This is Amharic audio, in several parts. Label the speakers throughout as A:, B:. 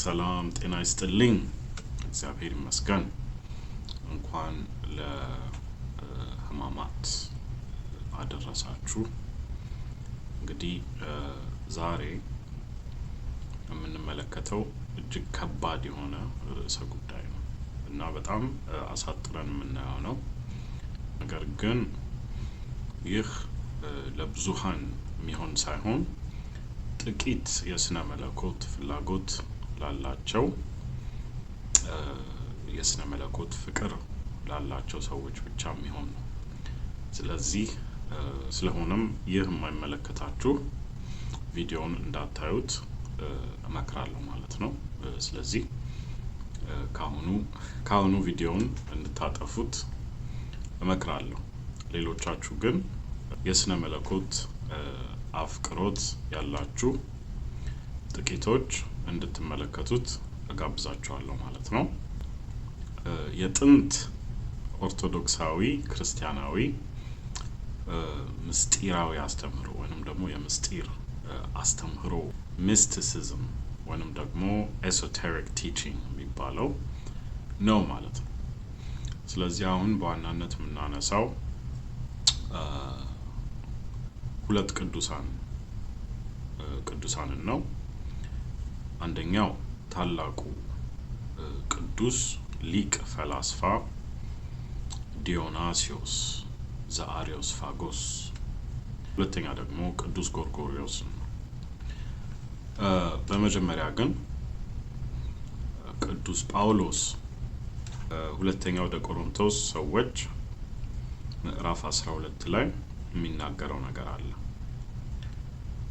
A: ሰላም ጤና ይስጥልኝ። እግዚአብሔር ይመስገን። እንኳን ለሕማማት አደረሳችሁ። እንግዲህ ዛሬ የምንመለከተው እጅግ ከባድ የሆነ ርዕሰ ጉዳይ ነው እና በጣም አሳጥረን የምናየው ነው። ነገር ግን ይህ ለብዙሃን የሚሆን ሳይሆን ጥቂት የስነ መለኮት ፍላጎት ላላቸው የስነ መለኮት ፍቅር ላላቸው ሰዎች ብቻ የሚሆን ነው። ስለዚህ ስለሆነም ይህ የማይመለከታችሁ ቪዲዮውን እንዳታዩት እመክራለሁ ማለት ነው። ስለዚህ ካሁኑ ካሁኑ ቪዲዮውን እንድታጠፉት እመክራለሁ። ሌሎቻችሁ ግን የስነ መለኮት አፍቅሮት ያላችሁ ጥቂቶች እንድትመለከቱት እጋብዛችኋለሁ ማለት ነው። የጥንት ኦርቶዶክሳዊ ክርስቲያናዊ ምስጢራዊ አስተምህሮ ወይንም ደግሞ የምስጢር አስተምህሮ ሚስቲሲዝም ወይንም ደግሞ ኤሶቴሪክ ቲችንግ የሚባለው ነው ማለት ነው። ስለዚህ አሁን በዋናነት የምናነሳው ሁለት ቅዱሳን ቅዱሳንን ነው። አንደኛው ታላቁ ቅዱስ ሊቅ ፈላስፋ ዲዮናሲዮስ ፋጎስ ሁለተኛ ደግሞ ቅዱስ ጎርጎሪዮስ ነው። በመጀመሪያ ግን ቅዱስ ጳውሎስ ሁለተኛው ወደ ቆሮንቶስ ሰዎች ምዕራፍ 12 ላይ የሚናገረው ነገር አለ።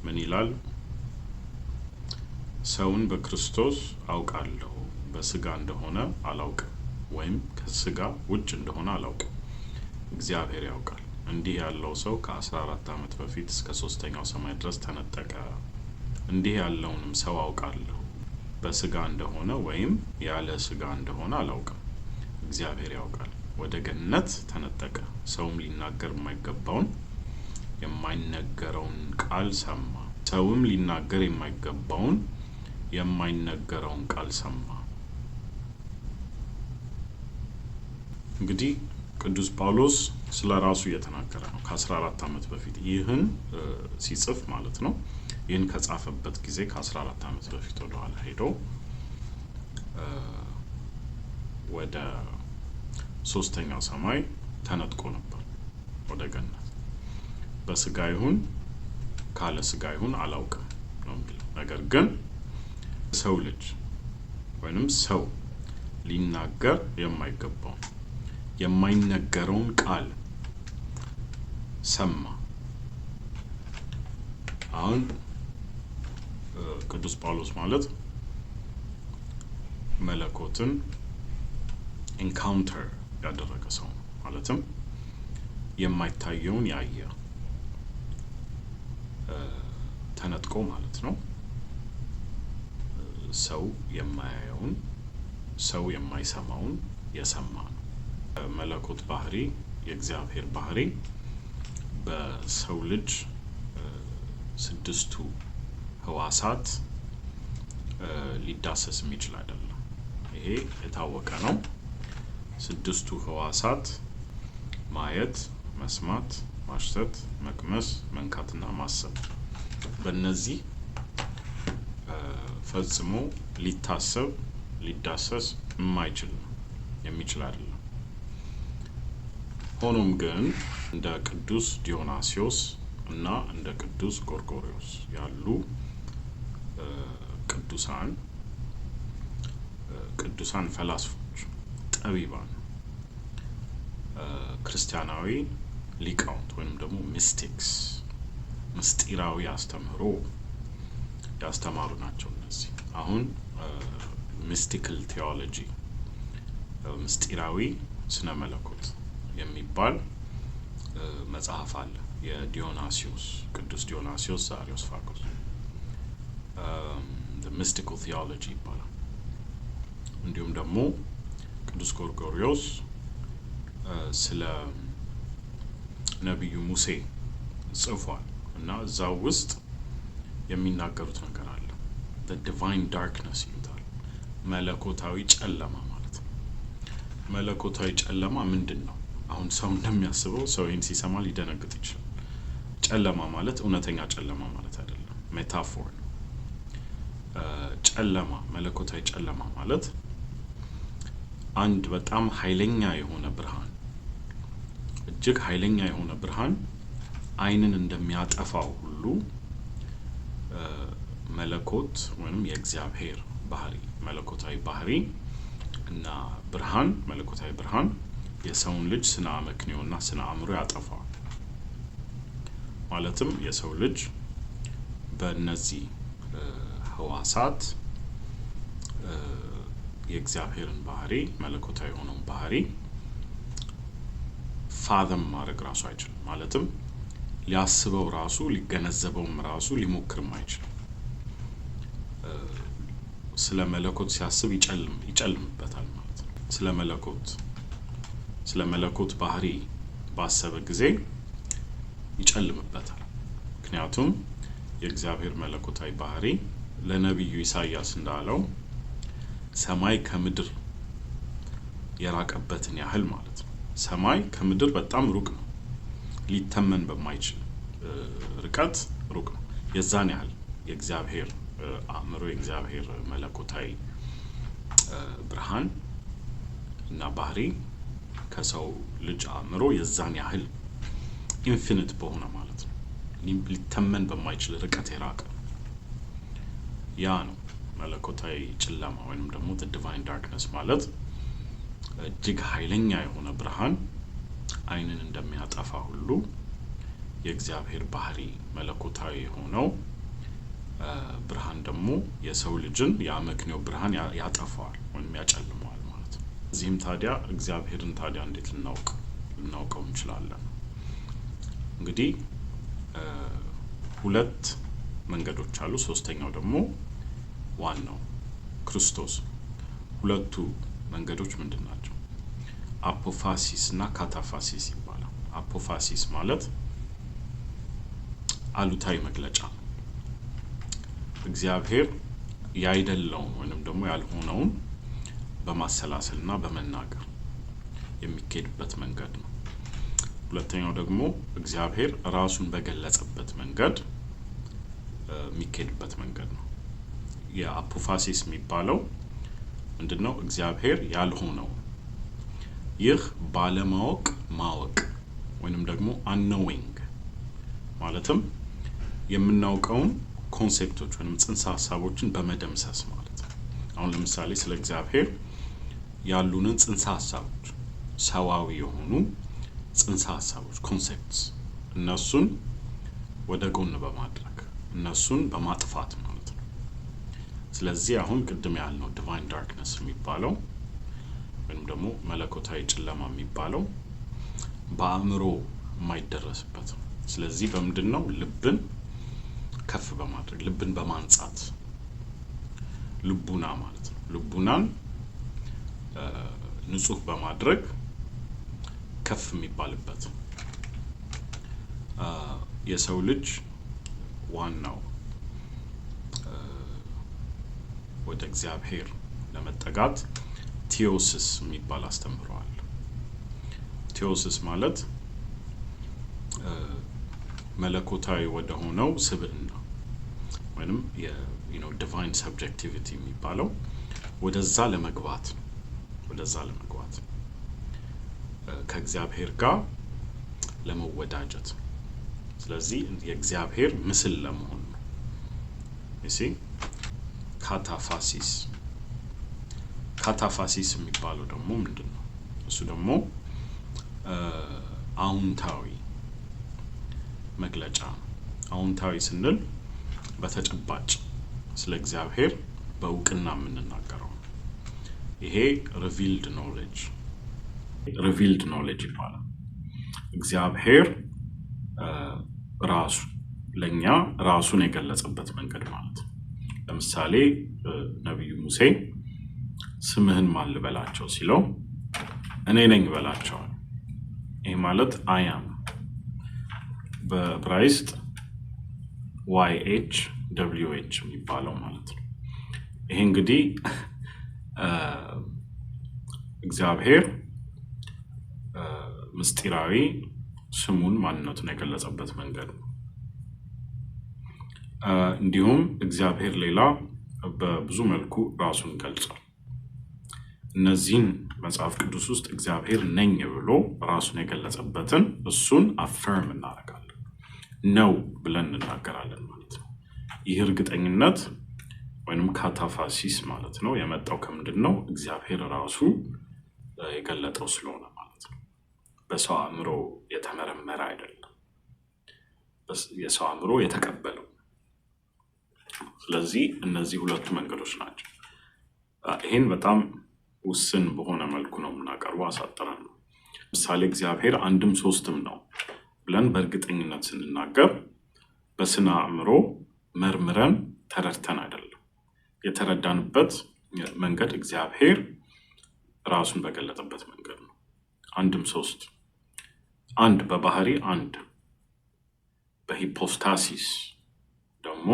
A: ምን ይላል? ሰውን በክርስቶስ አውቃለሁ በስጋ እንደሆነ አላውቅም ወይም ከስጋ ውጭ እንደሆነ አላውቅም እግዚአብሔር ያውቃል። እንዲህ ያለው ሰው ከ14 አመት በፊት እስከ ሶስተኛው ሰማይ ድረስ ተነጠቀ። እንዲህ ያለውንም ሰው አውቃለሁ በስጋ እንደሆነ ወይም ያለ ስጋ እንደሆነ አላውቅም እግዚአብሔር ያውቃል። ወደ ገነት ተነጠቀ። ሰውም ሊናገር የማይገባውን የማይነገረውን ቃል ሰማ። ሰውም ሊናገር የማይገባውን የማይነገረውን ቃል ሰማ። እንግዲህ ቅዱስ ጳውሎስ ስለ ራሱ እየተናገረ ነው። ከ14 ዓመት በፊት ይህን ሲጽፍ ማለት ነው። ይህን ከጻፈበት ጊዜ ከ14 ዓመት በፊት ወደኋላ ሄዶ ወደ ሶስተኛው ሰማይ ተነጥቆ ነበር ወደ ገነት። በስጋ ይሁን ካለ ስጋ ይሁን አላውቅም ነው የሚለው ነገር ግን ሰው ልጅ ወይም ሰው ሊናገር የማይገባው የማይነገረውን ቃል ሰማ። አሁን ቅዱስ ጳውሎስ ማለት መለኮትን ኢንካውንተር ያደረገ ሰው ነው። ማለትም የማይታየውን ያየ ተነጥቆ ማለት ነው። ሰው የማያየውን ሰው የማይሰማውን የሰማ ነው። መለኮት ባህሪ የእግዚአብሔር ባህሪ በሰው ልጅ ስድስቱ ህዋሳት ሊዳሰስ የሚችል አይደለም። ይሄ የታወቀ ነው። ስድስቱ ህዋሳት ማየት፣ መስማት፣ ማሽተት፣ መቅመስ፣ መንካትና ማሰብ በእነዚህ ፈጽሞ ሊታሰብ ሊዳሰስ የማይችል ነው የሚችል አይደለም። ሆኖም ግን እንደ ቅዱስ ዲዮናሲዮስ እና እንደ ቅዱስ ጎርጎሪዎስ ያሉ ቅዱሳን ቅዱሳን ፈላስፎች፣ ጠቢባን፣ ክርስቲያናዊ ሊቃውንት ወይም ደግሞ ሚስቲክስ ምስጢራዊ አስተምህሮ ያስተማሩ ናቸው። እነዚህ አሁን ሚስቲክል ቴዎሎጂ ምስጢራዊ ስነ መለኮት የሚባል መጽሐፍ አለ። የዲዮናሲዮስ ቅዱስ ዲዮናሲዮስ ዛሪዮስፋጎስ ሚስቲካል ቴዎሎጂ ይባላል። እንዲሁም ደግሞ ቅዱስ ጎርጎሪዮስ ስለ ነቢዩ ሙሴ ጽፏል እና እዛው ውስጥ የሚናገሩት ነገር አለ። ዲቫይን ዳርክነስ ይሉታል። መለኮታዊ ጨለማ ማለት ነው። መለኮታዊ ጨለማ ምንድን ነው? አሁን ሰው እንደሚያስበው ሰው ይህን ሲሰማ ሊደነግጥ ይችላል። ጨለማ ማለት እውነተኛ ጨለማ ማለት አይደለም፣ ሜታፎር ነው። ጨለማ መለኮታዊ ጨለማ ማለት አንድ በጣም ኃይለኛ የሆነ ብርሃን እጅግ ኃይለኛ የሆነ ብርሃን አይንን እንደሚያጠፋው ሁሉ መለኮት ወይም የእግዚአብሔር ባህሪ መለኮታዊ ባህሪ እና ብርሃን መለኮታዊ ብርሃን የሰውን ልጅ ስነ አመክንዮና ስነ አእምሮ ያጠፋዋል። ማለትም የሰው ልጅ በእነዚህ ህዋሳት የእግዚአብሔርን ባህሪ መለኮታዊ የሆነውን ባህሪ ፋዘም ማድረግ ራሱ አይችልም። ማለትም ሊያስበው ራሱ ሊገነዘበውም ራሱ ሊሞክርም አይችልም። ስለ መለኮት ሲያስብ ይጨልምበታል ማለት ነው። ስለ መለኮት ስለ መለኮት ባህሪ ባሰበ ጊዜ ይጨልምበታል። ምክንያቱም የእግዚአብሔር መለኮታዊ ባህሪ ለነቢዩ ኢሳያስ እንዳለው ሰማይ ከምድር የራቀበትን ያህል ማለት ነው። ሰማይ ከምድር በጣም ሩቅ ነው። ሊተመን በማይችል ርቀት ሩቅ ነው። የዛን ያህል የእግዚአብሔር አእምሮ የእግዚአብሔር መለኮታዊ ብርሃን እና ባህሪ ከሰው ልጅ አእምሮ የዛን ያህል ኢንፊኒት በሆነ ማለት ነው ሊተመን በማይችል ርቀት የራቀ ያ ነው መለኮታዊ ጨለማ ወይንም ደግሞ ዲቫይን ዳርክነስ ማለት እጅግ ኃይለኛ የሆነ ብርሃን አይንን እንደሚያጠፋ ሁሉ የእግዚአብሔር ባህሪ መለኮታዊ የሆነው ብርሃን ደግሞ የሰው ልጅን የአመክንዮ ብርሃን ያጠፋዋል ወይም ያጨልመዋል ማለት ነው። እዚህም ታዲያ እግዚአብሔርን ታዲያ እንዴት ልናውቅ ልናውቀው እንችላለን? እንግዲህ ሁለት መንገዶች አሉ። ሶስተኛው ደግሞ ዋናው ክርስቶስ። ሁለቱ መንገዶች ምንድን ናቸው? አፖፋሲስ እና ካታፋሲስ ይባላል። አፖፋሲስ ማለት አሉታዊ መግለጫ ነው። እግዚአብሔር ያይደለውን ወይንም ደግሞ ያልሆነውን በማሰላሰል እና በመናገር የሚካሄድበት መንገድ ነው። ሁለተኛው ደግሞ እግዚአብሔር ራሱን በገለጸበት መንገድ የሚካሄድበት መንገድ ነው። የአፖፋሲስ የሚባለው ምንድን ነው? እግዚአብሔር ያልሆነው ይህ ባለማወቅ ማወቅ ወይንም ደግሞ አንኖዊንግ ማለትም የምናውቀውን ኮንሴፕቶች ወይም ጽንሰ ሀሳቦችን በመደምሰስ ማለት ነው። አሁን ለምሳሌ ስለ እግዚአብሔር ያሉንን ጽንሰ ሀሳቦች ሰዋዊ የሆኑ ጽንሰ ሀሳቦች ኮንሴፕትስ፣ እነሱን ወደ ጎን በማድረግ እነሱን በማጥፋት ማለት ነው። ስለዚህ አሁን ቅድም ያልነው ዲቫይን ዳርክነስ የሚባለው ወይም ደግሞ መለኮታዊ ጨለማ የሚባለው በአእምሮ የማይደረስበት ነው። ስለዚህ በምንድን ነው ልብን ከፍ በማድረግ ልብን በማንጻት ልቡና ማለት ነው። ልቡናን ንጹህ በማድረግ ከፍ የሚባልበት የሰው ልጅ ዋናው ወደ እግዚአብሔር ለመጠጋት ቴዎስስ የሚባል አስተምረዋል። ቴዎስስ ማለት መለኮታዊ ወደሆነው ስብዕና ወይም ዲቫይን ሰብጀክቲቪቲ የሚባለው ወደዛ ለመግባት ወደዛ ለመግባት ከእግዚአብሔር ጋር ለመወዳጀት ስለዚህ የእግዚአብሔር ምስል ለመሆን ነው። ካታፋሲስ ካታፋሲስ የሚባለው ደግሞ ምንድን ነው? እሱ ደግሞ አውንታዊ መግለጫ ነው። አውንታዊ ስንል በተጨባጭ ስለ እግዚአብሔር በእውቅና የምንናገረው ይሄ ሪቪልድ ኖሌጅ ሪቪልድ ኖሌጅ ይባላል። እግዚአብሔር ራሱ ለእኛ ራሱን የገለጸበት መንገድ ማለት ነው። ለምሳሌ ነቢዩ ሙሴ ስምህን ማን ልበላቸው ሲለው እኔ ነኝ በላቸው። ይህ ማለት አያም በዕብራይስጥ ዋይ ኤች ደብሊው ኤች የሚባለው ማለት ነው። ይህ እንግዲህ እግዚአብሔር ምስጢራዊ ስሙን ማንነቱን የገለጸበት መንገድ ነው። እንዲሁም እግዚአብሔር ሌላ በብዙ መልኩ ራሱን ገልጿል። እነዚህን መጽሐፍ ቅዱስ ውስጥ እግዚአብሔር ነኝ ብሎ ራሱን የገለጸበትን እሱን አፈርም እናደርጋለን፣ ነው ብለን እንናገራለን ማለት ነው። ይህ እርግጠኝነት ወይም ካታፋሲስ ማለት ነው የመጣው ከምንድን ነው? እግዚአብሔር ራሱ የገለጠው ስለሆነ ማለት ነው። በሰው አእምሮ የተመረመረ አይደለም፣ የሰው አእምሮ የተቀበለው። ስለዚህ እነዚህ ሁለቱ መንገዶች ናቸው። ይህን በጣም ውስን በሆነ መልኩ ነው የምናቀርበው፣ አሳጥረን ነው። ምሳሌ እግዚአብሔር አንድም ሶስትም ነው ብለን በእርግጠኝነት ስንናገር በስነ አእምሮ መርምረን ተረድተን አይደለም። የተረዳንበት መንገድ እግዚአብሔር ራሱን በገለጠበት መንገድ ነው። አንድም ሶስት አንድ በባህሪ አንድ በሂፖስታሲስ ደግሞ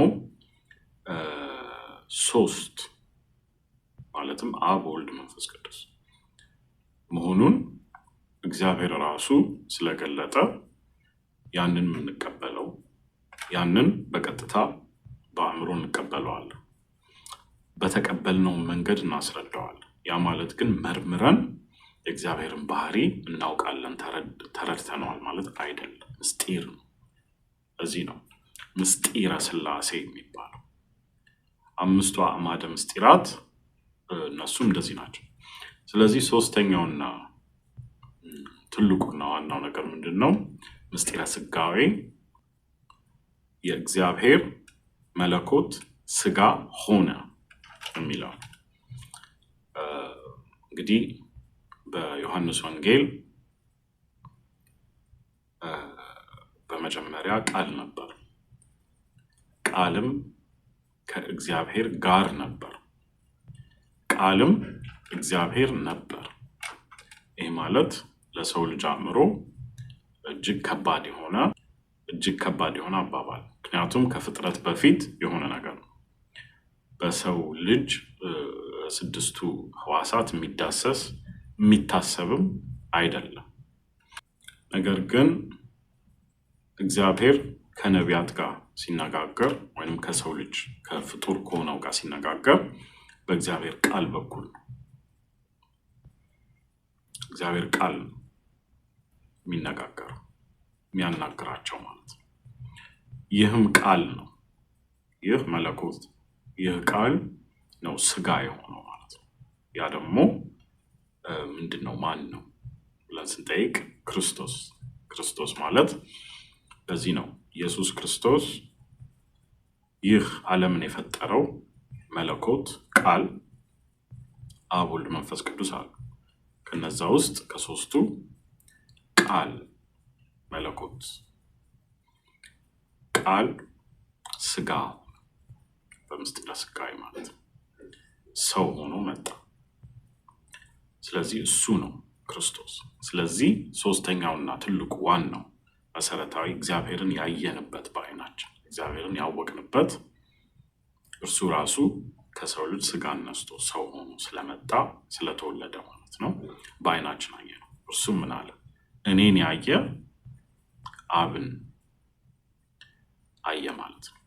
A: ሶስት ማለትም አብ ወልድ መንፈስ ቅዱስ መሆኑን እግዚአብሔር ራሱ ስለገለጠ ያንን የምንቀበለው ያንን በቀጥታ በአእምሮ እንቀበለዋለን። በተቀበልነው መንገድ እናስረዳዋለን። ያ ማለት ግን መርምረን የእግዚአብሔርን ባህሪ እናውቃለን፣ ተረድተነዋል ማለት አይደለም። ምስጢር ነው። እዚህ ነው ምስጢረ ስላሴ የሚባለው አምስቱ አማደ ምስጢራት እነሱም እንደዚህ ናቸው። ስለዚህ ሶስተኛውና ትልቁና ዋናው ነገር ምንድን ነው? ምስጢረ ስጋዌ የእግዚአብሔር መለኮት ስጋ ሆነ የሚለው እንግዲህ በዮሐንስ ወንጌል በመጀመሪያ ቃል ነበር፣ ቃልም ከእግዚአብሔር ጋር ነበር ቃልም እግዚአብሔር ነበር። ይህ ማለት ለሰው ልጅ አእምሮ እጅግ ከባድ የሆነ እጅግ ከባድ የሆነ አባባል ምክንያቱም ከፍጥረት በፊት የሆነ ነገር ነው። በሰው ልጅ ስድስቱ ህዋሳት የሚዳሰስ የሚታሰብም አይደለም። ነገር ግን እግዚአብሔር ከነቢያት ጋር ሲነጋገር ወይም ከሰው ልጅ ከፍጡር ከሆነው ጋር ሲነጋገር በእግዚአብሔር ቃል በኩል እግዚአብሔር ቃል የሚነጋገር የሚያናግራቸው ማለት ነው። ይህም ቃል ነው። ይህ መለኮት ይህ ቃል ነው ስጋ የሆነው ማለት ነው። ያ ደግሞ ምንድን ነው? ማን ነው ብለን ስንጠይቅ ክርስቶስ። ክርስቶስ ማለት በዚህ ነው ኢየሱስ ክርስቶስ ይህ ዓለምን የፈጠረው መለኮት ቃል አብ ወልድ መንፈስ ቅዱስ አሉ። ከነዛ ውስጥ ከሶስቱ ቃል መለኮት ቃል ስጋ በምስጢረ ስጋዌ ማለት ነው፣ ሰው ሆኖ መጣ። ስለዚህ እሱ ነው ክርስቶስ። ስለዚህ ሶስተኛውና ትልቁ ዋናው መሰረታዊ እግዚአብሔርን ያየንበት በዓይናችን እግዚአብሔርን ያወቅንበት እርሱ ራሱ ከሰው ልጅ ስጋ ነስቶ ሰው ሆኖ ስለመጣ ስለተወለደ ማለት ነው። በአይናችን አየ ነው። እርሱ ምን አለ? እኔን ያየ አብን አየ ማለት ነው።